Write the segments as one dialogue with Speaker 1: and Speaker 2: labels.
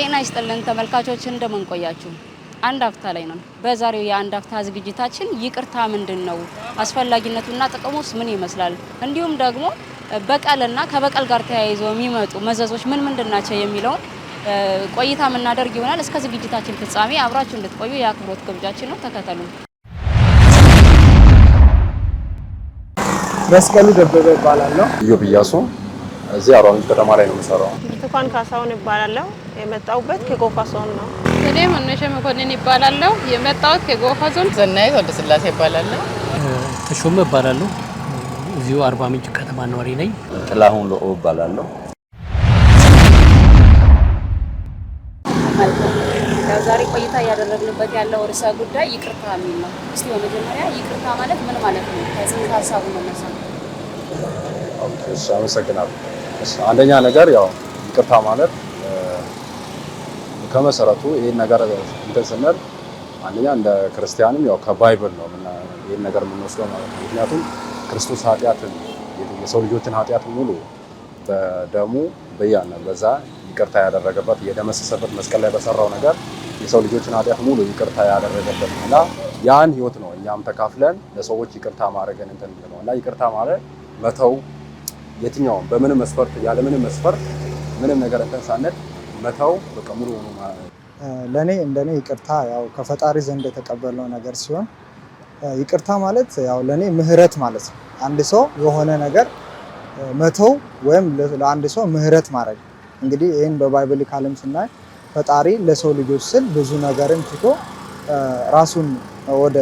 Speaker 1: ጤና ይስጥልን ተመልካቾች እንደምን ቆያችሁ? አንድ አፍታ ላይ ነው። በዛሬው የአንድ አፍታ ዝግጅታችን ይቅርታ ምንድን ነው፣ አስፈላጊነቱና ጥቅሙስ ምን ይመስላል፣ እንዲሁም ደግሞ በቀልና ከበቀል ጋር ተያይዞ የሚመጡ መዘዞች ምን ምንድን ናቸው የሚለውን ቆይታ የምናደርግ ይሆናል። እስከ ዝግጅታችን ፍጻሜ አብራችሁ እንድትቆዩ የአክብሮት ግብዣችን ነው። ተከተሉ።
Speaker 2: መስቀሉ ደበበ ይባላለሁ።
Speaker 3: ኢዮብ እዚህ አርባ ከተማ ላይ ነው የምሰራው።
Speaker 4: ብርቱካን ካሳሁን ይባላለሁ። የመጣሁበት ከጎፋ ዞን ነው።
Speaker 5: እኔ መነሻ መኮንን ይባላለሁ። የመጣሁት ከጎፋ ዞን።
Speaker 6: ዘናይ ወደ ስላሴ ይባላለሁ።
Speaker 7: ተሾመ እባላለሁ። እዚሁ አርባ ምንጭ ከተማ ነዋሪ ነኝ።
Speaker 3: ጥላሁን ሎኦ እባላለሁ።
Speaker 1: ዛሬ ቆይታ እያደረግንበት ያለው ርዕሰ ጉዳይ ይቅርታ የሚል ነው። እስቲ በመጀመሪያ ይቅርታ ማለት ምን ማለት ነው? ከጽንሰ ሀሳቡ መነሳ።
Speaker 3: አመሰግናለሁ። አንደኛ ነገር ያው ይቅርታ ማለት ከመሰረቱ ይህን ነገር እንትን ስንል አንደኛ እንደ ክርስቲያንም ያው ከባይብል ነው ይህን ነገር የምንወስደው ማለት ነው። ምክንያቱም ክርስቶስ ኃጢአትን የሰው ልጆችን ኃጢአት ሙሉ በደሙ በያነ በዛ ይቅርታ ያደረገበት የደመሰሰበት መስቀል ላይ በሰራው ነገር የሰው ልጆችን ኃጢአት ሙሉ ይቅርታ ያደረገበት እና ያን ህይወት ነው እኛም ተካፍለን ለሰዎች ይቅርታ ማድረግን እንትን ነው እና ይቅርታ ማለት መተው የትኛውም በምንም መስፈርት ያለምንም መስፈርት ምንም ነገር እንትን ሳነት መተው በቃ ሙሉ ሆኖ
Speaker 2: ለእኔ እንደኔ ይቅርታ ያው ከፈጣሪ ዘንድ የተቀበለው ነገር ሲሆን ይቅርታ ማለት ያው ለእኔ ምህረት ማለት ነው። አንድ ሰው የሆነ ነገር መተው ወይም ለአንድ ሰው ምህረት ማድረግ እንግዲህ ይህን ካለም ስናይ ፈጣሪ ለሰው ልጆች ስል ብዙ ነገርን ትቶ ራሱን ወደ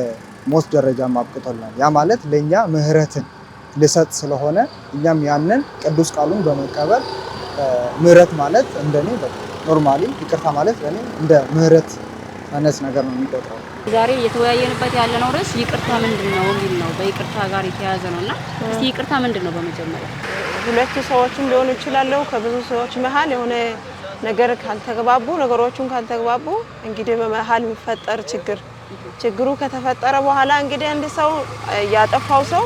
Speaker 2: ሞት ደረጃ አብቅቶልናል። ያ ማለት ለእኛ ምህረትን ልሰጥ ስለሆነ እኛም ያንን ቅዱስ ቃሉን በመቀበል ምህረት ማለት እንደኔ በቃ ኖርማሊ ይቅርታ ማለት ለእኔ እንደ ምህረት መነስ ነገር ነው የሚቆጥረው።
Speaker 1: ዛሬ እየተወያየንበት ያለነው ርዕስ ይቅርታ ምንድን ነው የሚል ነው። በይቅርታ ጋር የተያያዘ ነው እና እስቲ ይቅርታ ምንድን ነው? በመጀመሪያ
Speaker 4: ሁለት ሰዎችም ሊሆኑ ይችላለሁ ከብዙ ሰዎች መሀል የሆነ ነገር ካልተግባቡ ነገሮቹን ካልተግባቡ እንግዲህ በመሀል የሚፈጠር ችግር ችግሩ ከተፈጠረ በኋላ እንግዲህ አንድ ሰው ያጠፋው ሰው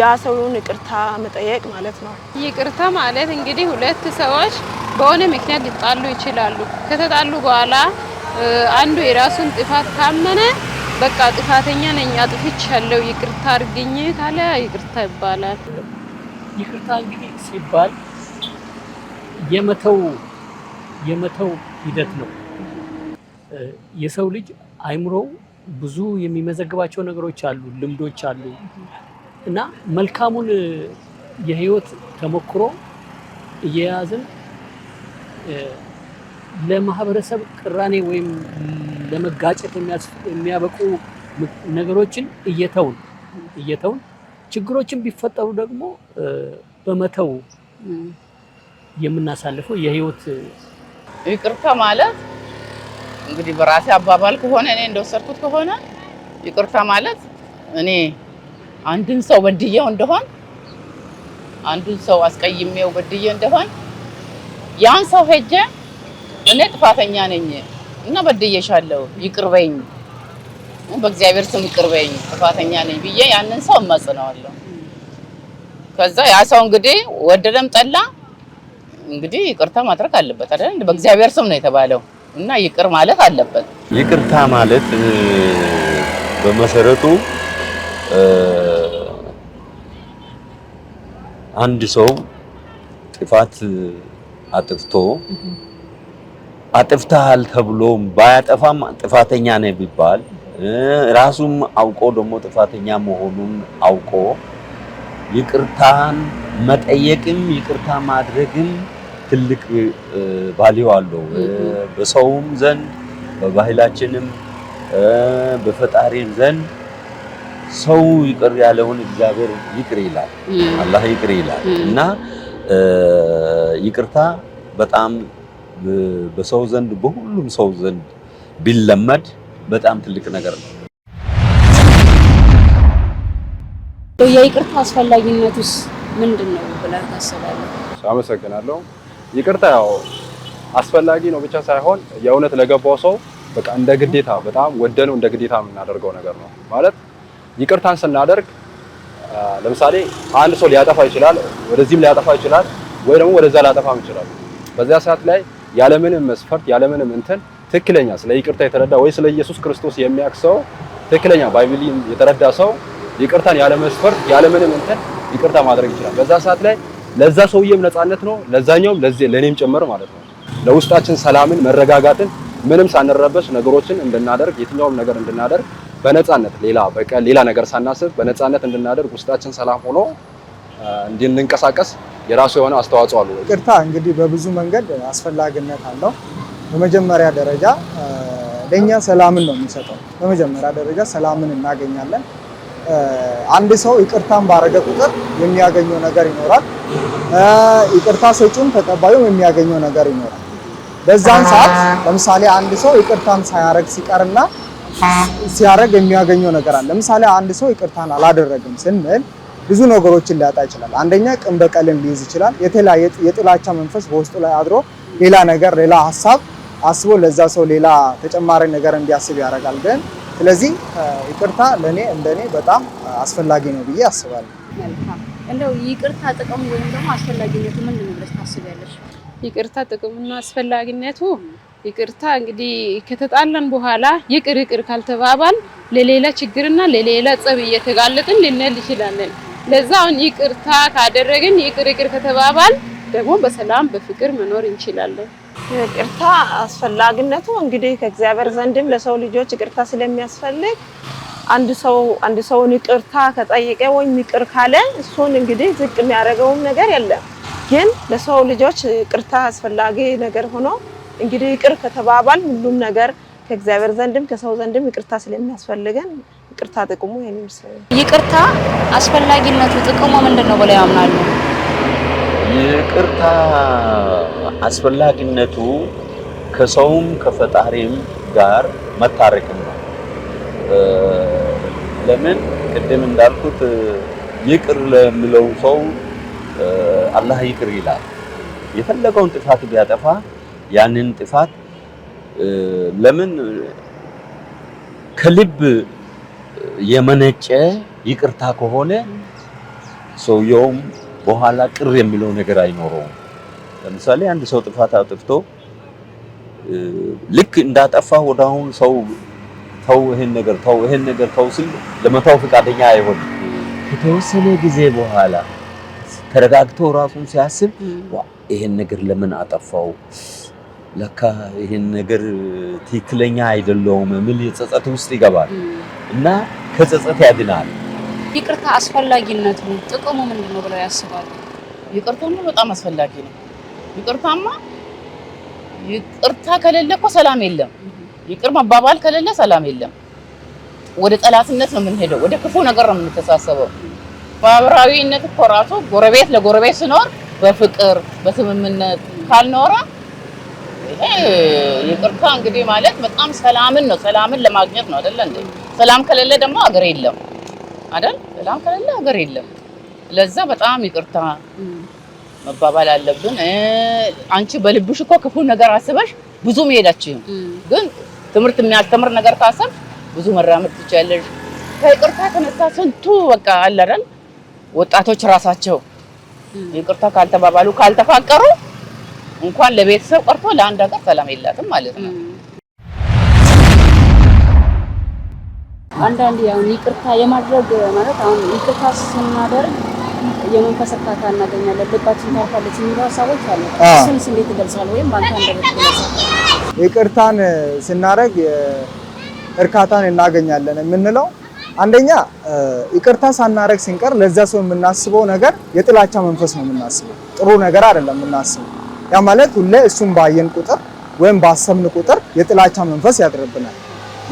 Speaker 4: ያ ሰውን ይቅርታ መጠየቅ ማለት ነው።
Speaker 5: ይቅርታ ማለት እንግዲህ ሁለት ሰዎች በሆነ ምክንያት ሊጣሉ ይችላሉ። ከተጣሉ በኋላ አንዱ የራሱን ጥፋት ካመነ በቃ ጥፋተኛ ነኝ ያለው ይቅርታ አድርግኝ ካለ ይቅርታ ይባላል።
Speaker 7: ይቅርታ እንግዲህ ሲባል የመተው የመተው ሂደት ነው። የሰው ልጅ አይምሮው ብዙ የሚመዘግባቸው ነገሮች አሉ፣ ልምዶች አሉ እና መልካሙን የህይወት ተሞክሮ እየያዝን ለማህበረሰብ ቅራኔ ወይም ለመጋጨት የሚያበቁ ነገሮችን እየተውን እየተውን ችግሮችን ቢፈጠሩ ደግሞ በመተው የምናሳልፈው የህይወት
Speaker 8: ይቅርታ ማለት እንግዲህ በራሴ አባባል ከሆነ እኔ እንደወሰድኩት ከሆነ ይቅርታ ማለት እኔ አንድን ሰው በድየው እንደሆን አንዱን ሰው አስቀይሜው በድየው እንደሆን ያን ሰው ሄጀ እኔ ጥፋተኛ ነኝ እና በድየሻለሁ ይቅርበኝ፣ በእግዚአብሔር ስም ይቅርበኝ፣ ጥፋተኛ ነኝ ብዬ ያንን ሰው እማጽነዋለሁ። ከዛ ያ ሰው እንግዲህ ወደደም ጠላ እንግዲህ ይቅርታ ማድረግ አለበት አይደል? በእግዚአብሔር ስም ነው የተባለው እና ይቅር ማለት አለበት።
Speaker 3: ይቅርታ ማለት በመሰረቱ አንድ ሰው ጥፋት አጥፍቶ አጥፍተሃል ተብሎም ባያጠፋም ጥፋተኛ ነህ ቢባል ራሱም አውቆ ደግሞ ጥፋተኛ መሆኑን አውቆ ይቅርታን መጠየቅም ይቅርታ ማድረግም ትልቅ ቫሊዩ አለው። በሰውም ዘንድ በባህላችንም በፈጣሪም ዘንድ ሰው ይቅር ያለውን እግዚአብሔር ይቅር ይላል፣ አላህ ይቅር ይላል እና ይቅርታ በጣም በሰው ዘንድ በሁሉም ሰው ዘንድ ቢለመድ በጣም ትልቅ ነገር ነው።
Speaker 1: የይቅርታ አስፈላጊነቱስ ምንድን ነው ብለህ ታስባለህ?
Speaker 3: አመሰግናለሁ። ይቅርታ ያው አስፈላጊ ነው ብቻ ሳይሆን የእውነት ለገባው ሰው በቃ እንደ ግዴታ በጣም ወደነው እንደ ግዴታ የምናደርገው ነገር ነው ማለት ይቅርታን ስናደርግ ለምሳሌ አንድ ሰው ሊያጠፋ ይችላል፣ ወደዚህም ሊያጠፋ ይችላል፣ ወይ ደግሞ ወደዛ ሊያጠፋም ይችላል። በዚያ ሰዓት ላይ ያለምንም መስፈርት ያለምንም እንትን ትክክለኛ ስለ ይቅርታ የተረዳ ወይ ስለ ኢየሱስ ክርስቶስ የሚያውቅ ሰው ትክክለኛ የተረዳ ሰው ይቅርታን ያለ መስፈርት ያለምንም እንትን ይቅርታ ማድረግ ይችላል። በዛ ሰዓት ላይ ለዛ ሰውዬም ነፃነት ነው፣ ለዛኛውም ለዚህ ለኔም ጭምር ማለት ነው። ለውስጣችን ሰላምን፣ መረጋጋትን ምንም ሳንረበሽ ነገሮችን እንድናደርግ የትኛውም ነገር እንድናደርግ በነፃነት ሌላ በቀ ሌላ ነገር ሳናስብ በነፃነት እንድናደርግ ውስጣችን ሰላም ሆኖ እንድንንቀሳቀስ የራሱ የሆነ አስተዋጽኦ አለው።
Speaker 2: ይቅርታ እንግዲህ በብዙ መንገድ አስፈላጊነት አለው። በመጀመሪያ ደረጃ ለእኛ ሰላምን ነው የሚሰጠው። በመጀመሪያ ደረጃ ሰላምን እናገኛለን። አንድ ሰው ይቅርታን ባረገ ቁጥር የሚያገኘው ነገር ይኖራል። ይቅርታ ሰጪውም ተቀባዩም የሚያገኘው ነገር ይኖራል። በዛን ሰዓት ለምሳሌ አንድ ሰው ይቅርታን ሳያረግ ሲቀርና ሲያደርግ የሚያገኘው ነገር አለ። ለምሳሌ አንድ ሰው ይቅርታን አላደረግም ስንል ብዙ ነገሮችን ሊያጣ ይችላል። አንደኛ ቅን በቀልን ሊይዝ ይችላል። የተለያየ የጥላቻ መንፈስ በውስጡ ላይ አድሮ ሌላ ነገር ሌላ ሀሳብ አስቦ ለዛ ሰው ሌላ ተጨማሪ ነገር እንዲያስብ ያደርጋል። ግን ስለዚህ ይቅርታ ለእኔ እንደኔ በጣም አስፈላጊ ነው ብዬ አስባለሁ።
Speaker 1: እንደው ይቅርታ ጥቅሙ ወይም ደግሞ አስፈላጊነቱ ምን ታስቢያለሽ?
Speaker 4: ይቅርታ ጥቅሙና አስፈላጊነቱ ይቅርታ እንግዲህ ከተጣለን በኋላ ይቅር ይቅር ካልተባባል ለሌላ ችግርና ለሌላ ጸብ እየተጋለጥን ልንል ይችላለን። ለዛ አሁን ይቅርታ ካደረግን ይቅር ይቅር ከተባባል ደግሞ በሰላም በፍቅር መኖር እንችላለን። ይቅርታ አስፈላጊነቱ እንግዲህ ከእግዚአብሔር ዘንድም ለሰው ልጆች ይቅርታ ስለሚያስፈልግ አንድ ሰው አንድ ሰውን ይቅርታ ከጠየቀ ወይም ይቅር ካለ እሱን እንግዲህ ዝቅ የሚያደርገውም ነገር የለም። ግን ለሰው ልጆች ይቅርታ አስፈላጊ ነገር ሆኖ እንግዲህ ይቅር ከተባባል ሁሉም ነገር ከእግዚአብሔር ዘንድም ከሰው ዘንድም ይቅርታ ስለሚያስፈልገን ይቅርታ ጥቅሙ ይሄን ይመስላል።
Speaker 1: ይቅርታ አስፈላጊነቱ ጥቅሙ ምንድን ነው ብለው ያምናሉ?
Speaker 3: ይቅርታ አስፈላጊነቱ ከሰውም ከፈጣሪም ጋር መታረቅም ነው። ለምን ቅድም እንዳልኩት ይቅር ለምለው ሰው አላህ ይቅር ይላል። የፈለገውን ጥፋት ቢያጠፋ ያንን ጥፋት ለምን ከልብ የመነጨ ይቅርታ ከሆነ ሰውየውም በኋላ ቅር የሚለው ነገር አይኖረውም። ለምሳሌ አንድ ሰው ጥፋት አጥፍቶ ልክ እንዳጠፋ ወደ አሁን ሰው ተው ይሄን ነገር ተው ይሄን ነገር ተው ሲል ለመተው ፈቃደኛ አይሆንም። ከተወሰነ ጊዜ በኋላ ተረጋግቶ ራሱን ሲያስብ ይሄን ነገር ለምን አጠፋው ለካ ይሄን ነገር ትክክለኛ አይደለውም የሚል ጸጸት ውስጥ ይገባል እና ከጸጸት ያድናል።
Speaker 1: ይቅርታ አስፈላጊነቱ ጥቅሙ ምንድን ነው ብለው ያስባሉ?
Speaker 8: ይቅርታ በጣም አስፈላጊ ነው። ይቅርታማ ይቅርታ ከሌለ እኮ ሰላም የለም። ይቅር መባባል ከሌለ ሰላም የለም። ወደ ጠላትነት ነው የምንሄደው። ወደ ክፉ ነገር ነው የምንተሳሰበው። ማህበራዊነት እኮ ራሱ ጎረቤት ለጎረቤት ስኖር በፍቅር በስምምነት ካልኖረ ይሄ ይቅርታ እንግዲህ ማለት በጣም ሰላምን ነው ሰላምን ለማግኘት ነው አይደለ እንዴ? ሰላም ከሌለ ደግሞ ሀገር የለም አይደል? ሰላም ከሌለ ሀገር የለም። ለዛ በጣም ይቅርታ መባባል አለብን። አንቺ በልብሽ እኮ ክፉ ነገር አስበሽ ብዙ መሄዳችሁም፣ ግን ትምህርት የሚያስተምር ነገር ካሰብሽ ብዙ መራመድ ትችያለሽ። ከይቅርታ የተነሳ ስንቱ በቃ አለ አይደል? ወጣቶች ራሳቸው ይቅርታ ካልተባባሉ ካልተፋቀሩ እንኳን ለቤተሰብ ቀርቶ ለአንድ ሀገር ሰላም የላትም ማለት ነው።
Speaker 1: አንዳንድ አሁን ይቅርታ የማድረግ ማለት አሁን ይቅርታ ስናደርግ የመንፈስ እርካታ እናገኛለን፣ ልባችን ታርፋለች የሚሉ ሀሳቦች አሉ። እሱንስ እንዴት ይገልጻል? ወይም በአንተ
Speaker 2: ይቅርታን ስናደርግ እርካታን እናገኛለን የምንለው አንደኛ ይቅርታ ሳናረግ ስንቀር ለዛ ሰው የምናስበው ነገር የጥላቻ መንፈስ ነው የምናስበው፣ ጥሩ ነገር አይደለም የምናስበው ያ ማለት ሁሌ እሱን ባየን ቁጥር ወይም ባሰብን ቁጥር የጥላቻ መንፈስ ያድርብናል።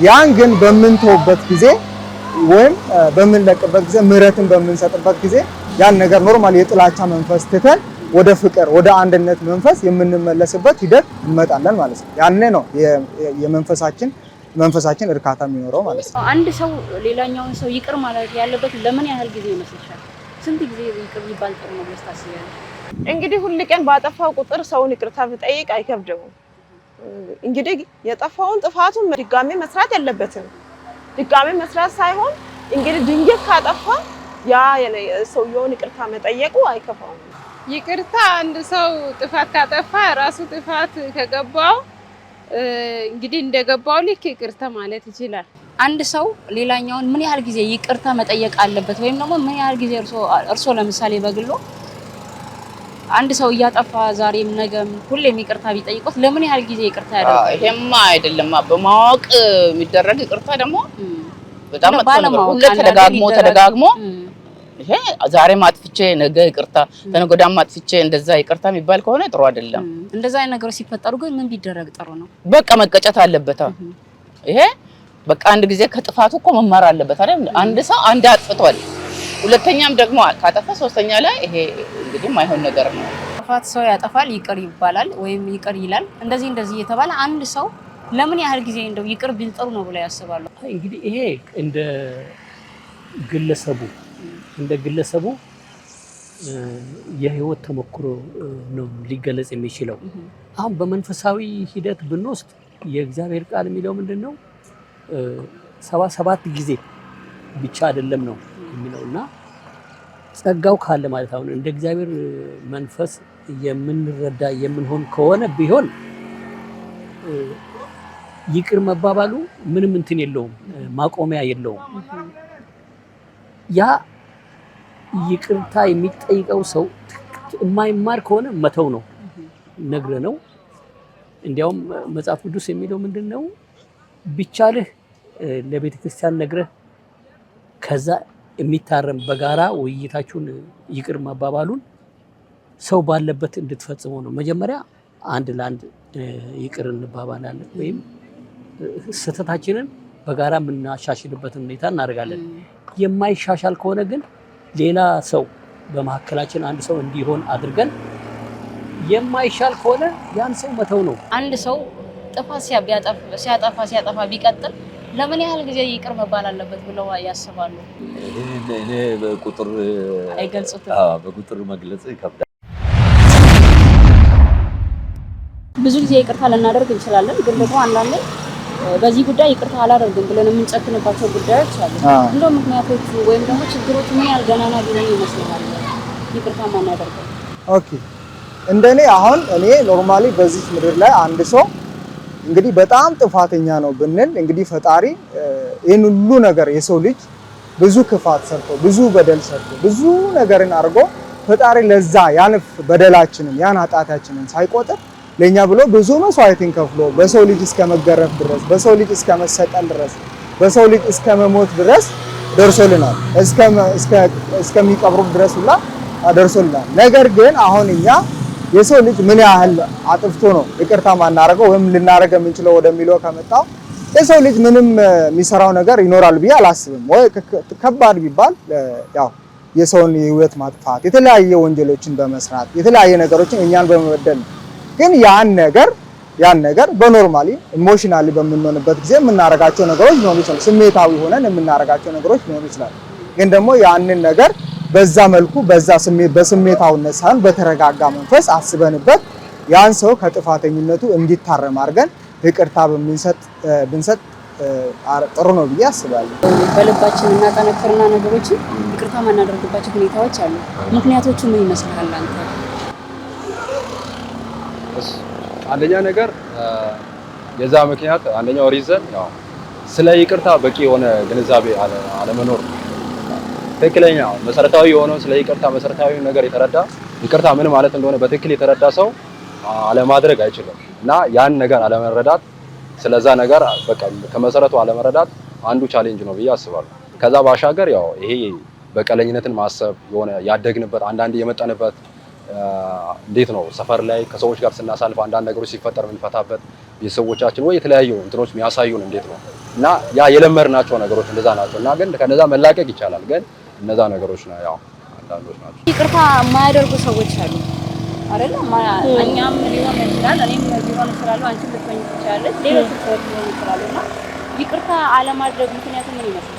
Speaker 2: ያን ግን በምንተውበት ጊዜ ወይም በምንለቅበት ጊዜ ምሕረትን በምንሰጥበት ጊዜ ያን ነገር ኖርማል የጥላቻ መንፈስ ትተን ወደ ፍቅር ወደ አንድነት መንፈስ የምንመለስበት ሂደት እንመጣለን ማለት ነው። ያኔ ነው የመንፈሳችን መንፈሳችን እርካታ የሚኖረው ማለት
Speaker 1: ነው። አንድ ሰው ሌላኛውን ሰው ይቅር ማለት ያለበት ለምን ያህል ጊዜ ይመስልሻል? ስንት ጊዜ ይቅር ይባል ጥሩ ነው
Speaker 4: እንግዲህ ሁል ቀን ባጠፋው ቁጥር ሰውን ይቅርታ ብጠይቅ አይከብደውም። እንግዲህ የጠፋውን ጥፋቱን ድጋሜ መስራት የለበትም። ድጋሜ መስራት ሳይሆን እንግዲህ ድንገት ካጠፋ ያ ሰውየውን ይቅርታ መጠየቁ አይከፋውም።
Speaker 5: ይቅርታ አንድ ሰው ጥፋት ካጠፋ ራሱ ጥፋት ከገባው እንግዲህ እንደገባው ልክ ይቅርታ ማለት ይችላል።
Speaker 1: አንድ ሰው ሌላኛውን ምን ያህል ጊዜ ይቅርታ መጠየቅ አለበት ወይም ደግሞ ምን ያህል ጊዜ እርሶ ለምሳሌ በግሎ አንድ ሰው እያጠፋ ዛሬም ነገም ሁሌም ይቅርታ ቢጠይቁት ለምን ያህል ጊዜ ይቅርታ ያደርጋል?
Speaker 8: ይሄማ አይደለም በማወቅ የሚደረግ ይቅርታ ደግሞ በጣም ሁሌ ተደጋግሞ ተደጋግሞ ይሄ ዛሬ ማጥፍቼ ነገ ይቅርታ ከነገ ወዲያም አጥፍቼ እንደዛ ይቅርታ የሚባል ከሆነ ጥሩ አይደለም።
Speaker 1: እንደዛ አይነት ነገሮች ሲፈጠሩ ግን ምን ቢደረግ ጥሩ ነው?
Speaker 8: በቃ መቀጨት አለበት። ይሄ በቃ አንድ ጊዜ ከጥፋቱ እኮ መማር አለበት አይደል? አንድ ሰው አንድ አጥፍቷል ሁለተኛም ደግሞ ካጠፋ፣ ሶስተኛ ላይ ይሄ እንግዲህ ማይሆን ነገር ነው።
Speaker 1: ጥፋት ሰው ያጠፋል ይቅር ይባላል ወይም ይቅር ይላል። እንደዚህ እንደዚህ እየተባለ አንድ ሰው ለምን ያህል ጊዜ እንደው ይቅር ቢል ጥሩ ነው ብለው ያስባሉ?
Speaker 7: እንግዲህ ይሄ እንደ ግለሰቡ እንደ ግለሰቡ የህይወት ተሞክሮ ነው ሊገለጽ የሚችለው። አሁን በመንፈሳዊ ሂደት ብንወስድ የእግዚአብሔር ቃል የሚለው ምንድን ነው? ሰባ ሰባት ጊዜ ብቻ አይደለም ነው የሚለው እና ጸጋው ካለ ማለት አሁን እንደ እግዚአብሔር መንፈስ የምንረዳ የምንሆን ከሆነ ቢሆን ይቅር መባባሉ ምንም እንትን የለውም፣ ማቆሚያ የለውም። ያ ይቅርታ የሚጠይቀው ሰው የማይማር ከሆነ መተው ነው ነግረ ነው። እንዲያውም መጽሐፍ ቅዱስ የሚለው ምንድን ነው? ቢቻልህ ለቤተክርስቲያን ነግረህ ከዛ የሚታረም በጋራ ውይይታችሁን ይቅር መባባሉን ሰው ባለበት እንድትፈጽመው ነው። መጀመሪያ አንድ ለአንድ ይቅር እንባባላለን ወይም ስህተታችንን በጋራ የምናሻሽልበትን ሁኔታ እናደርጋለን። የማይሻሻል ከሆነ ግን ሌላ ሰው በመካከላችን አንድ ሰው እንዲሆን አድርገን የማይሻል ከሆነ ያን ሰው መተው ነው።
Speaker 1: አንድ ሰው ጥፋት ሲያጠፋ ሲያጠፋ ቢቀጥል ለምን ያህል ጊዜ ይቅር መባል አለበት ብለው ያስባሉ?
Speaker 3: እኔ በቁጥር አይገልጹትም። በቁጥር መግለጽ ይከብዳል።
Speaker 1: ብዙ ጊዜ ይቅርታ ልናደርግ እንችላለን፣ ግን ደግሞ አንዳንዴ በዚህ ጉዳይ ይቅርታ አላደርግም ብለን የምንጨክንባቸው ጉዳዮች አሉ። እንደው ምክንያቶቹ ወይም ደግሞ ችግሮቹ ምን ያህል ገናና ቢሆን ይመስልሃል ይቅርታ ማናደርገው?
Speaker 2: ኦኬ እንደኔ አሁን እኔ ኖርማሊ በዚህ ምድር ላይ አንድ ሰው እንግዲህ በጣም ጥፋተኛ ነው ብንል እንግዲህ ፈጣሪ ይህን ሁሉ ነገር የሰው ልጅ ብዙ ክፋት ሰርቶ ብዙ በደል ሰርቶ ብዙ ነገርን አድርጎ ፈጣሪ ለዛ ያን በደላችንን ያን ኃጢአታችንን ሳይቆጥር ለእኛ ብሎ ብዙ መስዋዕትን ከፍሎ በሰው ልጅ እስከ መገረፍ ድረስ በሰው ልጅ እስከ መሰቀል ድረስ በሰው ልጅ እስከ መሞት ድረስ ደርሶልናል። እስከሚቀብሩ ድረስ ሁላ ደርሶልናል። ነገር ግን አሁን እኛ የሰው ልጅ ምን ያህል አጥፍቶ ነው ይቅርታ ማናረገው ወይም ልናረገ የምንችለው ወደሚለው ከመጣው የሰው ልጅ ምንም የሚሰራው ነገር ይኖራል ብዬ አላስብም። ወይ ከባድ ቢባል ያው የሰውን ህይወት ማጥፋት፣ የተለያየ ወንጀሎችን በመስራት የተለያየ ነገሮችን እኛን በመበደል ግን ያን ነገር ያን ነገር በኖርማሊ ኢሞሽናሊ በምንሆንበት ጊዜ የምናረጋቸው ነገሮች ሊሆኑ ይችላል። ስሜታዊ ሆነን የምናረጋቸው ነገሮች ሊሆኑ ይችላል። ግን ደግሞ ያንን ነገር በዛ መልኩ በዛ በስሜታውነት ሳይሆን በተረጋጋ መንፈስ አስበንበት ያን ሰው ከጥፋተኝነቱ እንዲታረም አድርገን ይቅርታ ብንሰጥ ጥሩ ነው ብዬ አስባለሁ።
Speaker 1: በልባችን እናጠነክርና ነገሮችን ይቅርታ ማናደርግባቸው ሁኔታዎች አሉ። ምክንያቶቹ ምን ይመስልሃል አንተ?
Speaker 3: አንደኛ ነገር የዛ ምክንያት አንደኛው ሪዘን ስለ ይቅርታ በቂ የሆነ ግንዛቤ አለመኖር ትክክለኛ መሰረታዊ የሆነውን ስለ ይቅርታ መሰረታዊ ነገር የተረዳ ይቅርታ ምን ማለት እንደሆነ በትክክል የተረዳ ሰው አለማድረግ አይችልም እና ያን ነገር አለመረዳት ስለዛ ነገር በቃ ከመሰረቱ አለመረዳት አንዱ ቻሌንጅ ነው ብዬ አስባለሁ። ከዛ ባሻገር ያው ይሄ በቀለኝነትን ማሰብ የሆነ ያደግንበት አንዳንድ የመጠንበት እንዴት ነው ሰፈር ላይ ከሰዎች ጋር ስናሳልፍ አንዳንድ ነገሮች ሲፈጠር የምንፈታበት ቤተሰቦቻችን ወይ የተለያዩ እንትኖች የሚያሳዩን እንዴት ነው እና ያ የለመድናቸው ነገሮች እንደዛ ናቸው እና ግን ከነዛ መላቀቅ ይቻላል ግን እነዛ ነገሮች ነው ያው አንዳንዶች
Speaker 1: ናቸው። ይቅርታ የማያደርጉ ሰዎች አሉ አይደለ? እኛም ሊሆን ይችላል፣ እኔም ሊሆን ይችላሉ፣ አንቺ ልትሆኝ ትችላለች፣ ሌሎች ሰዎች ሊሆን ይችላሉ። እና ይቅርታ አለማድረግ ምክንያቱ ምን ይመስልሻል?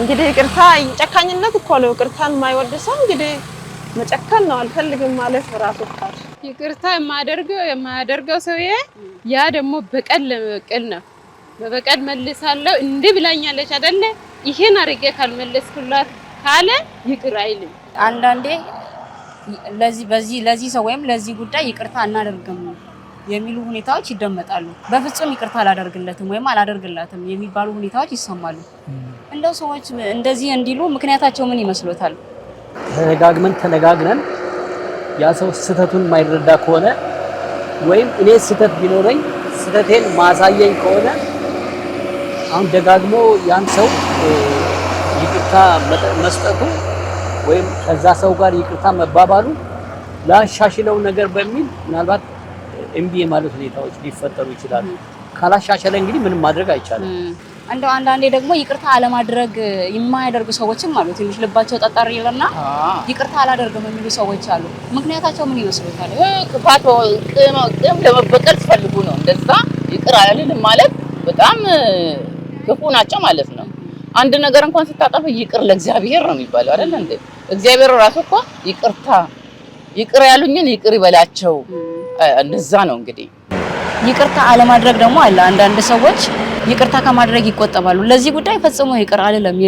Speaker 5: እንግዲህ ይቅርታ ጨካኝነት እኮ ነው። ይቅርታን የማይወድ ሰው እንግዲህ መጨከን ነው አልፈልግም ማለት ራሱ ካል ይቅርታ የማደርገው የማያደርገው ሰውዬ ያ ደግሞ በቀል ለመበቀል ነው። በበቀል መልሳለሁ እንዲህ ብላኛለች አይደለ ይሄን አርጌ ካልመለስኩላት ካለ ይቅር አይልም።
Speaker 1: አንዳንዴ ለዚህ በዚህ ለዚህ ሰው ወይም ለዚህ ጉዳይ ይቅርታ አናደርግም የሚሉ ሁኔታዎች ይደመጣሉ። በፍጹም ይቅርታ አላደርግለትም ወይም አላደርግላትም የሚባሉ ሁኔታዎች ይሰማሉ። እንደው ሰዎች እንደዚህ እንዲሉ ምክንያታቸው ምን ይመስሎታል?
Speaker 7: ተነጋግመን ተነጋግረን ያ ሰው ስህተቱን የማይረዳ ከሆነ ወይም እኔ ስህተት ቢኖረኝ ስህተቴን ማሳየኝ ከሆነ አሁን ደጋግሞ ያን ሰው ይቅርታ መስጠቱ ወይም ከዛ ሰው ጋር ይቅርታ መባባሉ ላሻሽለው ነገር በሚል ምናልባት እምቢ የማለት ሁኔታዎች ሊፈጠሩ ይችላሉ። ካላሻሸለ እንግዲህ ምንም ማድረግ አይቻልም።
Speaker 1: እንደው አንዳንዴ ደግሞ ይቅርታ አለማድረግ የማያደርጉ ሰዎችም አሉ። ትንሽ ልባቸው ጠጠር ይልና ይቅርታ አላደርግም የሚሉ ሰዎች አሉ። ምክንያታቸው ምን ይመስሉታል?
Speaker 8: ክፋቶ ቅም ለመበቀል ሲፈልጉ ነው። እንደዛ ይቅር አልልም ማለት በጣም ክፉ ናቸው ማለት ነው። አንድ ነገር እንኳን ስታጠፍ ይቅር ለእግዚአብሔር ነው የሚባለው አይደል እንዴ? እግዚአብሔር ራሱ እኮ ይቅርታ ይቅር ያሉኝን ይቅር ይበላቸው። እንደዛ ነው እንግዲህ።
Speaker 1: ይቅርታ አለማድረግ ደግሞ አለ። አንዳንድ ሰዎች ይቅርታ ከማድረግ ይቆጠባሉ። ለዚህ ጉዳይ ፈጽሞ ይቅር አልልም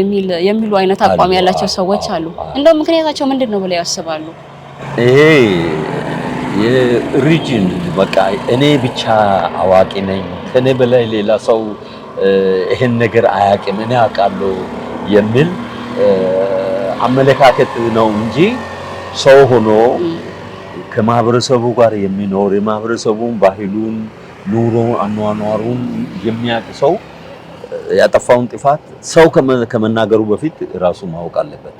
Speaker 1: የሚሉ አይነት አቋም ያላቸው ሰዎች አሉ። እንደው ምክንያታቸው ምንድን ነው ብለው ያስባሉ?
Speaker 3: ይሄ የሪጅን በቃ እኔ ብቻ አዋቂ ነኝ ከኔ በላይ ሌላ ሰው ይሄን ነገር አያውቅም እኔ አውቃለሁ የሚል አመለካከት ነው እንጂ ሰው ሆኖ ከማህበረሰቡ ጋር የሚኖር የማህበረሰቡን ባህሉን፣ ኑሮ አኗኗሩን የሚያውቅ ሰው ያጠፋውን ጥፋት ሰው ከመናገሩ በፊት ራሱ ማወቅ አለበት።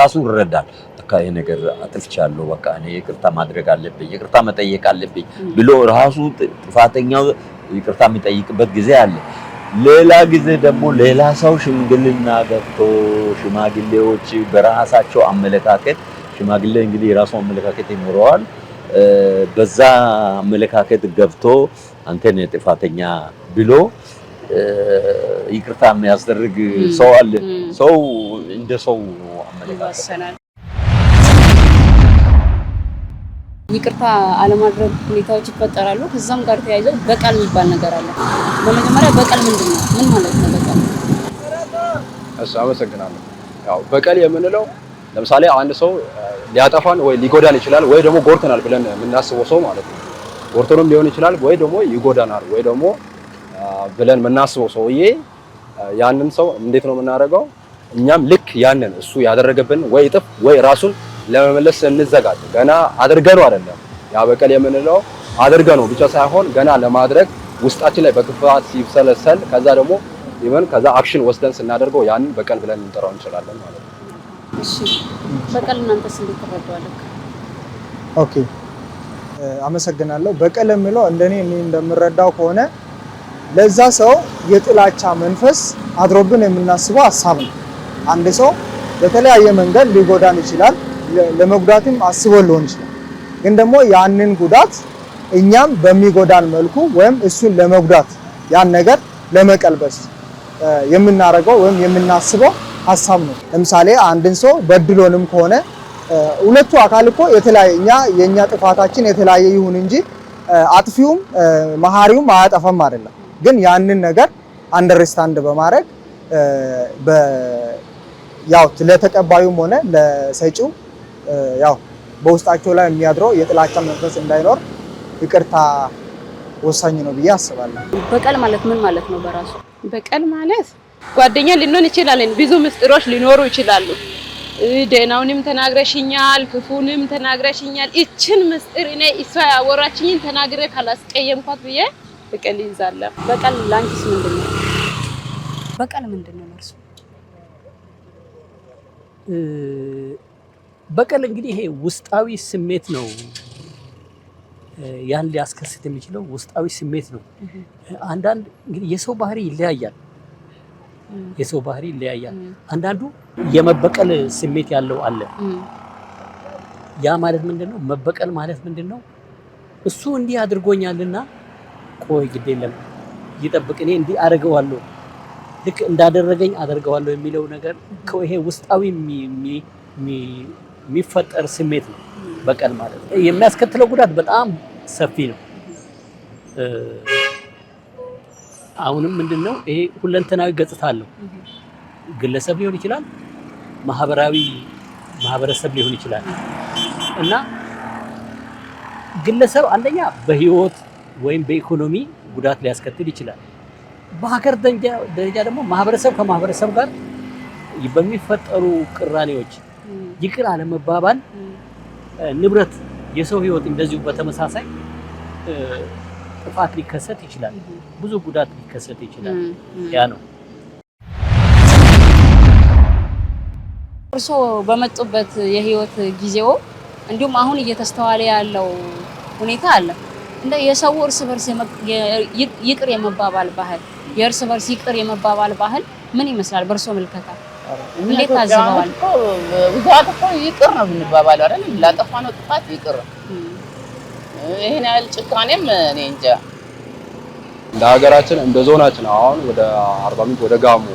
Speaker 3: ራሱ ይረዳል። በቃ ይሄ ነገር አጥፍቻለሁ፣ በቃ እኔ ይቅርታ ማድረግ አለብኝ፣ ይቅርታ መጠየቅ አለብኝ ብሎ ራሱ ጥፋተኛው ይቅርታ የሚጠይቅበት ጊዜ አለ። ሌላ ጊዜ ደግሞ ሌላ ሰው ሽምግልና ገብቶ ሽማግሌዎች በራሳቸው አመለካከት ሽማግሌ እንግዲህ የራሱ አመለካከት ይኖረዋል። በዛ አመለካከት ገብቶ አንተን ጥፋተኛ ብሎ ይቅርታ የሚያስደርግ ሰው አለ። ሰው እንደ ሰው አመለካከት
Speaker 1: ይቅርታ አለማድረግ ሁኔታዎች ይፈጠራሉ። ከዛም ጋር ተያይዘው በቀል የሚባል ነገር አለ። በመጀመሪያ በቀል ምንድን ነው? ምን ማለት ነው በቀል?
Speaker 3: እሱ አመሰግናለሁ። ያው በቀል የምንለው ለምሳሌ አንድ ሰው ሊያጠፋን ወይ ሊጎዳን ይችላል ወይ ደግሞ ጎርተናል ብለን የምናስበው ሰው ማለት ነው። ጎድቶንም ሊሆን ይችላል ወይ ደግሞ ይጎዳናል ወይ ደግሞ ብለን የምናስበው ሰውዬ ያንን ሰው እንዴት ነው የምናደርገው? እኛም ልክ ያንን እሱ ያደረገብን ወይ እጥፍ ወይ ራሱን ለመመለስ እንዘጋጅ። ገና አድርገን አይደለም ያ በቀል የምንለው ነው ብቻ ሳይሆን ገና ለማድረግ ውስጣችን ላይ በክፋት ሲብሰለሰል ከዛ ደግሞ ኢቨን ከዛ አክሽን ወስደን ስናደርገው ያንን በቀል ብለን እንጠራው እንችላለን ማለት ነው።
Speaker 1: እሺ በቀል እናንተስ እንዴት ትረዳዋለህ?
Speaker 2: ኦኬ አመሰግናለሁ። በቀል የምለው እንደኔ እኔ እንደምረዳው ከሆነ ለዛ ሰው የጥላቻ መንፈስ አድሮብን የምናስበው ሀሳብ ነው። አንድ ሰው በተለያየ መንገድ ሊጎዳን ይችላል። ለመጉዳትም አስቦ ሊሆን ይችላል። ግን ደግሞ ያንን ጉዳት እኛም በሚጎዳን መልኩ ወይም እሱን ለመጉዳት ያን ነገር ለመቀልበስ የምናደርገው ወይም የምናስበው ሀሳብ ነው። ለምሳሌ አንድን ሰው በድሎንም ከሆነ ሁለቱ አካል እኮ የተለያየ እኛ የእኛ ጥፋታችን የተለያየ ይሁን እንጂ አጥፊውም መሀሪውም አያጠፋም አይደለም። ግን ያንን ነገር አንደርስታንድ በማድረግ ያው ለተቀባዩም ሆነ ለሰጪው ያው በውስጣቸው ላይ የሚያድረው የጥላቻ መንፈስ እንዳይኖር ይቅርታ ወሳኝ ነው ብዬ አስባለሁ።
Speaker 1: በቀል ማለት ምን ማለት ነው? በራሱ
Speaker 5: በቀል ማለት ጓደኛ ልንሆን ይችላለን፣ ብዙ ምስጢሮች ሊኖሩ ይችላሉ። ደህናውንም ተናግረሽኛል፣ ክፉንም ተናግረሽኛል። ይችን ምስጢር እኔ እሷ ያወራችኝን ተናግሬ ካላስቀየምኳት ብዬ በቀል ይዛለሁ።
Speaker 1: በቀል ላንቺስ ምንድን ነው? በቀል ምንድን ነው? እርሱ
Speaker 7: በቀል እንግዲህ ይሄ ውስጣዊ ስሜት ነው። ያን ሊያስከስት የሚችለው ውስጣዊ ስሜት ነው። አንዳንድ እንግዲህ የሰው ባህሪ ይለያያል። የሰው ባህሪ ይለያያል። አንዳንዱ የመበቀል ስሜት ያለው አለ። ያ ማለት ምንድን ነው? መበቀል ማለት ምንድን ነው? እሱ እንዲህ አድርጎኛልና ቆይ ግድ የለም ይጠብቅ፣ እኔ እንዲህ አደርገዋለሁ፣ ልክ እንዳደረገኝ አደርገዋለሁ የሚለው ነገር ይሄ ውስጣዊ የሚፈጠር ስሜት ነው በቀል ማለት ነው። የሚያስከትለው ጉዳት በጣም ሰፊ ነው። አሁንም ምንድን ነው ይሄ ሁለንተናዊ ገጽታ አለው። ግለሰብ ሊሆን ይችላል፣ ማህበራዊ ማህበረሰብ ሊሆን ይችላል እና ግለሰብ አንደኛ በህይወት ወይም በኢኮኖሚ ጉዳት ሊያስከትል ይችላል። በሀገር ደረጃ ደግሞ ማህበረሰብ ከማህበረሰብ ጋር በሚፈጠሩ ቅራኔዎች ይቅር አለመባባል ንብረት፣ የሰው ህይወት እንደዚሁ በተመሳሳይ ጥፋት ሊከሰት ይችላል። ብዙ ጉዳት ሊከሰት ይችላል። ያ ነው።
Speaker 1: እርስዎ በመጡበት የህይወት ጊዜው እንዲሁም አሁን እየተስተዋለ ያለው ሁኔታ አለ እንደ የሰው እርስ በርስ ይቅር የመባባል ባህል የእርስ በርስ ይቅር የመባባል ባህል ምን ይመስላል በእርሶ ምልከታ?
Speaker 8: እንዴት ታዝበዋል? ውዛት እኮ ይቅር ነው ብንባባለው አይደል? ላጠፋነው ጥፋት ይቅር። ይሄን ያህል ጭካኔም እኔ እንጃ።
Speaker 3: እንደ ሀገራችን እንደ ዞናችን አሁን ወደ አርባ ምንጭ ወደ ጋሞ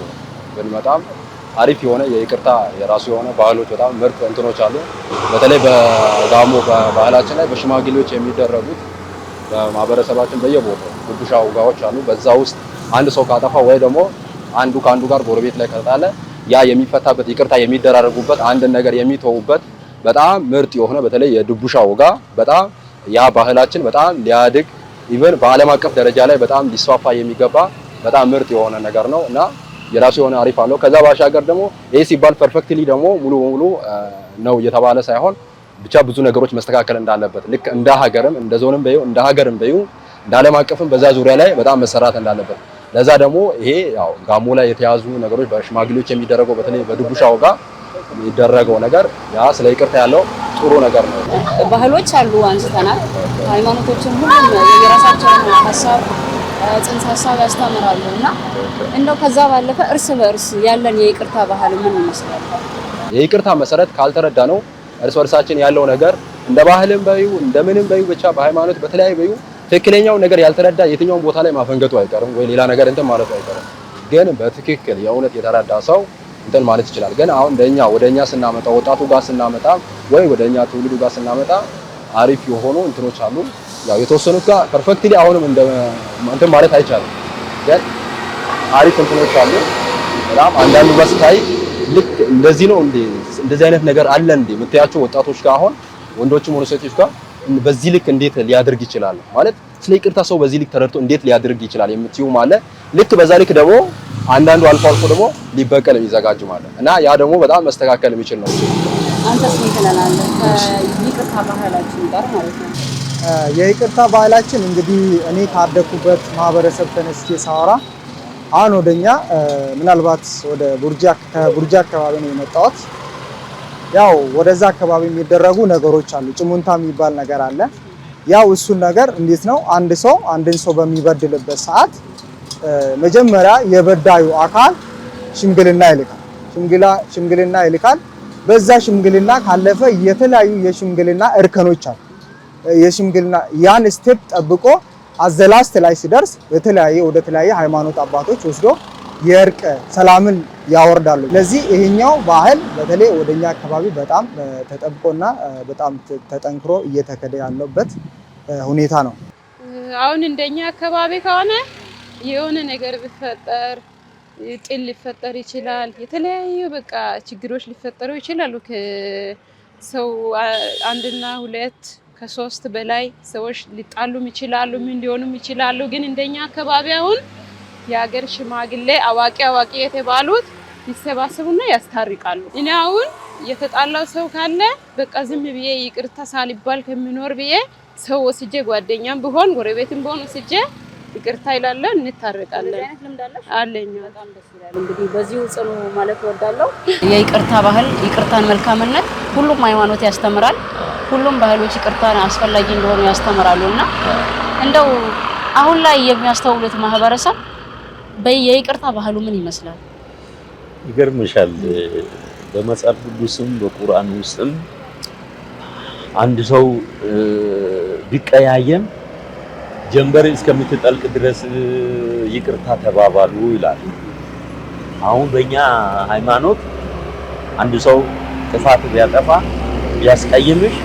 Speaker 3: ብንመጣም አሪፍ የሆነ የይቅርታ የራሱ የሆነ ባህሎች በጣም ምርጥ እንትኖች አሉ። በተለይ በጋሞ ባህላችን ላይ በሽማግሌዎች የሚደረጉት በማህበረሰባችን በየቦታው ጉዱሻ ውጋዎች አሉ። በዛ ውስጥ አንድ ሰው ካጠፋ ወይ ደግሞ አንዱ ከአንዱ ጋር ጎረቤት ላይ ያ የሚፈታበት ይቅርታ የሚደራረጉበት አንድን ነገር የሚተውበት በጣም ምርጥ የሆነ በተለይ የድቡሻ ወጋ በጣም ያ ባህላችን በጣም ሊያድግ ኢቨን በዓለም አቀፍ ደረጃ ላይ በጣም ሊስፋፋ የሚገባ በጣም ምርጥ የሆነ ነገር ነው እና የራሱ የሆነ አሪፍ አለው። ከዛ ባሻገር ደግሞ ይሄ ሲባል ፐርፌክትሊ ደግሞ ሙሉ በሙሉ ነው እየተባለ ሳይሆን ብቻ ብዙ ነገሮች መስተካከል እንዳለበት ልክ እንደ ሀገርም እንደ ዞንም በዩ እንደ ሀገርም በዩ እንደ ዓለም አቀፍም በዛ ዙሪያ ላይ በጣም መሰራት እንዳለበት ለዛ ደግሞ ይሄ ያው ጋሞ ላይ የተያዙ ነገሮች በሽማግሌዎች የሚደረገው በተለይ በድቡሻ ጋር የሚደረገው ነገር ያ ስለ ይቅርታ ያለው ጥሩ ነገር ነው።
Speaker 1: ባህሎች አሉ አንስተናል። ሃይማኖቶችም ሁሉም የራሳቸውን ሀሳብ ጽንሰ ሀሳብ ያስተምራሉ እና እንደው ከዛ ባለፈ እርስ በእርስ ያለን የይቅርታ ባህል ምን ይመስላል?
Speaker 3: የይቅርታ መሰረት ካልተረዳ ነው እርስ በርሳችን ያለው ነገር እንደ ባህልም በዩ እንደምንም በዩ ብቻ በሃይማኖት በተለያዩ በዩ ትክክለኛው ነገር ያልተረዳ የትኛውን ቦታ ላይ ማፈንገጡ አይቀርም ወይ ሌላ ነገር እንትን ማለቱ አይቀርም። ግን በትክክል የእውነት የተረዳ ሰው እንትን ማለት ይችላል። ግን አሁን ደኛ ወደኛ ስናመጣ ወጣቱ ጋር ስናመጣ ወይ ወደኛ ትውልዱ ጋር ስናመጣ አሪፍ የሆኑ እንትኖች አሉ። ያው የተወሰኑት ጋር ፐርፌክትሊ አሁንም እንትን ማለት አይቻልም። ግን አሪፍ እንትኖች አሉ። በጣም አንዳንዱ ጋር ስታይ ልክ እንደዚህ ነው እንዴ እንደዚህ አይነት ነገር አለ እንዴ የምታያቸው ወጣቶች ጋር አሁን ወንዶችም ሆነ ሴቶች ጋር በዚህ ልክ እንዴት ሊያደርግ ይችላል ማለት ስለ ይቅርታ ሰው በዚህ ልክ ተረድቶ እንዴት ሊያደርግ ይችላል የምትዩም አለ። ልክ በዛ ልክ ደግሞ አንዳንዱ አልፎ አልፎ ደግሞ ሊበቀል የሚዘጋጅ ማለት እና ያ ደግሞ በጣም መስተካከል የሚችል ነው። ይቅርታ
Speaker 1: ባህላችን ጋር ማለት ነው።
Speaker 2: የይቅርታ ባህላችን እንግዲህ እኔ ካደኩበት ማህበረሰብ ተነስቼ ሳወራ አሁን ወደኛ ምናልባት ወደ ቡርጃ ከቡርጃ አካባቢ ነው የመጣሁት ያው ወደዛ አካባቢ የሚደረጉ ነገሮች አሉ። ጭሙንታ የሚባል ነገር አለ። ያው እሱን ነገር እንዴት ነው አንድ ሰው አንድን ሰው በሚበድልበት ሰዓት መጀመሪያ የበዳዩ አካል ሽምግልና ይልካል። ሽምግልና ይልካል። በዛ ሽምግልና ካለፈ የተለያዩ የሽምግልና እርከኖች አሉ። የሽምግልና ያን ስቴፕ ጠብቆ አዘላስት ላይ ሲደርስ በተለያየ ወደ ተለያየ ሃይማኖት አባቶች ወስዶ የእርቅ ሰላምን ያወርዳሉ። ስለዚህ ይሄኛው ባህል በተለይ ወደኛ አካባቢ በጣም ተጠብቆና በጣም ተጠንክሮ እየተከደ ያለበት ሁኔታ ነው።
Speaker 5: አሁን እንደኛ አካባቢ ከሆነ የሆነ ነገር ቢፈጠር ጥል ሊፈጠር ይችላል። የተለያዩ በቃ ችግሮች ሊፈጠሩ ይችላሉ። ሰው አንድና ሁለት ከሶስት በላይ ሰዎች ሊጣሉም ይችላሉ፣ ምን ሊሆኑም ይችላሉ። ግን እንደኛ አካባቢ አሁን የሀገር ሽማግሌ አዋቂ አዋቂ የተባሉት ይሰባሰቡና ያስታርቃሉ። እኔ አሁን የተጣላው ሰው ካለ በቃ ዝም ብዬ ይቅርታ ሳልባል ከሚኖር ብዬ ሰው ወስጄ ጓደኛም ብሆን ጎረቤትም ብሆን ወስጄ ይቅርታ ይላለ እንታረቃለን። አለኝ
Speaker 1: እንግዲህ በዚሁ ጽኑ ማለት እወዳለሁ። የይቅርታ ባህል ይቅርታን መልካምነት ሁሉም ሃይማኖት ያስተምራል። ሁሉም ባህሎች ይቅርታን አስፈላጊ እንደሆኑ ያስተምራሉ እና እንደው አሁን ላይ የሚያስተውሉት ማህበረሰብ የይቅርታ ባህሉ ምን ይመስላል?
Speaker 3: ይገርምሻል። በመጽሐፍ ቅዱስም በቁርአን ውስጥም አንድ ሰው ቢቀያየም ጀንበር እስከምትጠልቅ ድረስ ይቅርታ ተባባሉ ይላል። አሁን በእኛ ሃይማኖት አንድ ሰው ጥፋት ቢያጠፋ ቢያስቀይምሽ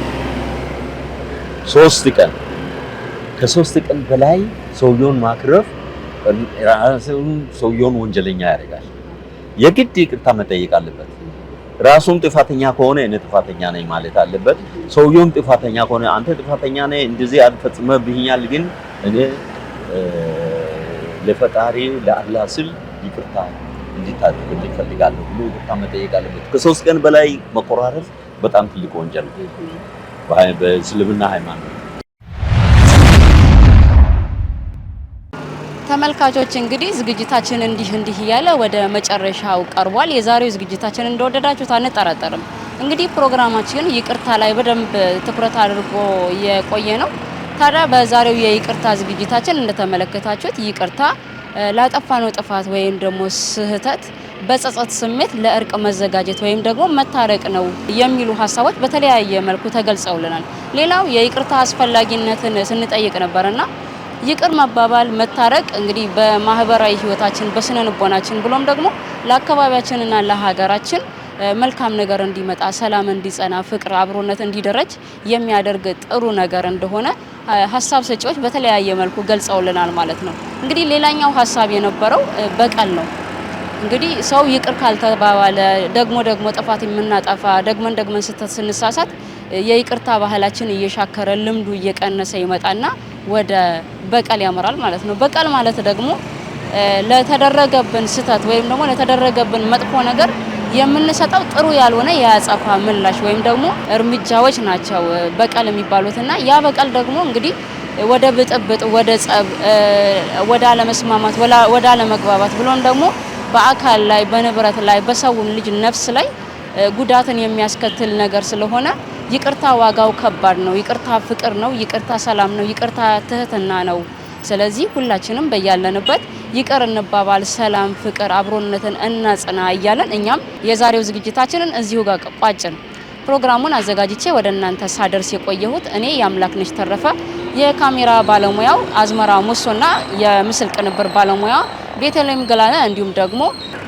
Speaker 3: ሶስት ቀን ከሶስት ቀን በላይ ሰውየውን ማክረፍ ራሱን ሰውየውን ወንጀለኛ ያደርጋል። የግድ ይቅርታ መጠየቅ አለበት። ራሱን ጥፋተኛ ከሆነ እኔ ጥፋተኛ ነኝ ማለት አለበት። ሰውየውም ጥፋተኛ ከሆነ አንተ ጥፋተኛ ነህ፣ እንደዚህ ብኛል፣ ግን እኔ ለፈጣሪ ለአላህ ስል ይቅርታ እንዲታደርግልኝ እንዲፈልጋለሁ ብሎ ይቅርታ መጠየቅ አለበት። ከሶስት ቀን በላይ መቆራረፍ በጣም ትልቅ ወንጀል በእስልምና ሃይማኖት
Speaker 1: ተመልካቾች እንግዲህ ዝግጅታችን እንዲህ እንዲህ እያለ ወደ መጨረሻው ቀርቧል። የዛሬው ዝግጅታችን እንደወደዳችሁት አንጠራጠርም። እንግዲህ ፕሮግራማችን ይቅርታ ላይ በደንብ ትኩረት አድርጎ የቆየ ነው። ታዲያ በዛሬው የይቅርታ ዝግጅታችን እንደተመለከታችሁት ይቅርታ ላጠፋነው ጥፋት ወይም ደግሞ ስህተት በጸጸት ስሜት ለእርቅ መዘጋጀት ወይም ደግሞ መታረቅ ነው የሚሉ ሀሳቦች በተለያየ መልኩ ተገልጸውልናል። ሌላው የይቅርታ አስፈላጊነትን ስንጠይቅ ነበርና ይቅር መባባል፣ መታረቅ እንግዲህ በማህበራዊ ህይወታችን በስነ ልቦናችን ብሎም ደግሞ ለአካባቢያችንና ለሀገራችን መልካም ነገር እንዲመጣ፣ ሰላም እንዲጸና፣ ፍቅር አብሮነት እንዲደረጅ የሚያደርግ ጥሩ ነገር እንደሆነ ሀሳብ ሰጪዎች በተለያየ መልኩ ገልጸውልናል ማለት ነው። እንግዲህ ሌላኛው ሀሳብ የነበረው በቀል ነው። እንግዲህ ሰው ይቅር ካልተባባለ ደግሞ ደግሞ ጥፋት የምናጠፋ ደግመን ደግመን ስህተት ስንሳሳት የይቅርታ ባህላችን እየሻከረ ልምዱ እየቀነሰ ይመጣና ወደ በቀል ያመራል ማለት ነው። በቀል ማለት ደግሞ ለተደረገብን ስህተት ወይም ደግሞ ለተደረገብን መጥፎ ነገር የምንሰጠው ጥሩ ያልሆነ የአጸፋ ምላሽ ወይም ደግሞ እርምጃዎች ናቸው በቀል የሚባሉት እና ያ በቀል ደግሞ እንግዲህ ወደ ብጥብጥ፣ ወደ ጸብ፣ ወደ አለመስማማት፣ ወደ አለመግባባት ብሎም ደግሞ በአካል ላይ፣ በንብረት ላይ፣ በሰውም ልጅ ነፍስ ላይ ጉዳትን የሚያስከትል ነገር ስለሆነ ይቅርታ ዋጋው ከባድ ነው። ይቅርታ ፍቅር ነው። ይቅርታ ሰላም ነው። ይቅርታ ትህትና ነው። ስለዚህ ሁላችንም በያለንበት ይቅር እንባባል፣ ሰላም፣ ፍቅር፣ አብሮነትን እናጽና እያለን እኛም የዛሬው ዝግጅታችንን እዚሁ ጋር ቋጭን። ፕሮግራሙን አዘጋጅቼ ወደ እናንተ ሳደርስ የቆየሁት እኔ ነች ተረፈ፣ የካሜራ ባለሙያው አዝመራ ሙሶና የምስል ቅንብር ባለሙያ ቤተልሔም ገላነ እንዲሁም ደግሞ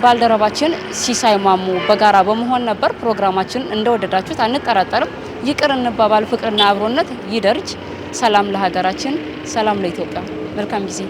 Speaker 1: ባልደረባችን ሲሳይ ማሙ በጋራ በመሆን ነበር። ፕሮግራማችን እንደወደዳችሁት አንጠራጠርም። ይቅር እንባባል፣ ፍቅርና አብሮነት ይደርጅ። ሰላም ለሀገራችን፣ ሰላም ለኢትዮጵያ። መልካም ጊዜ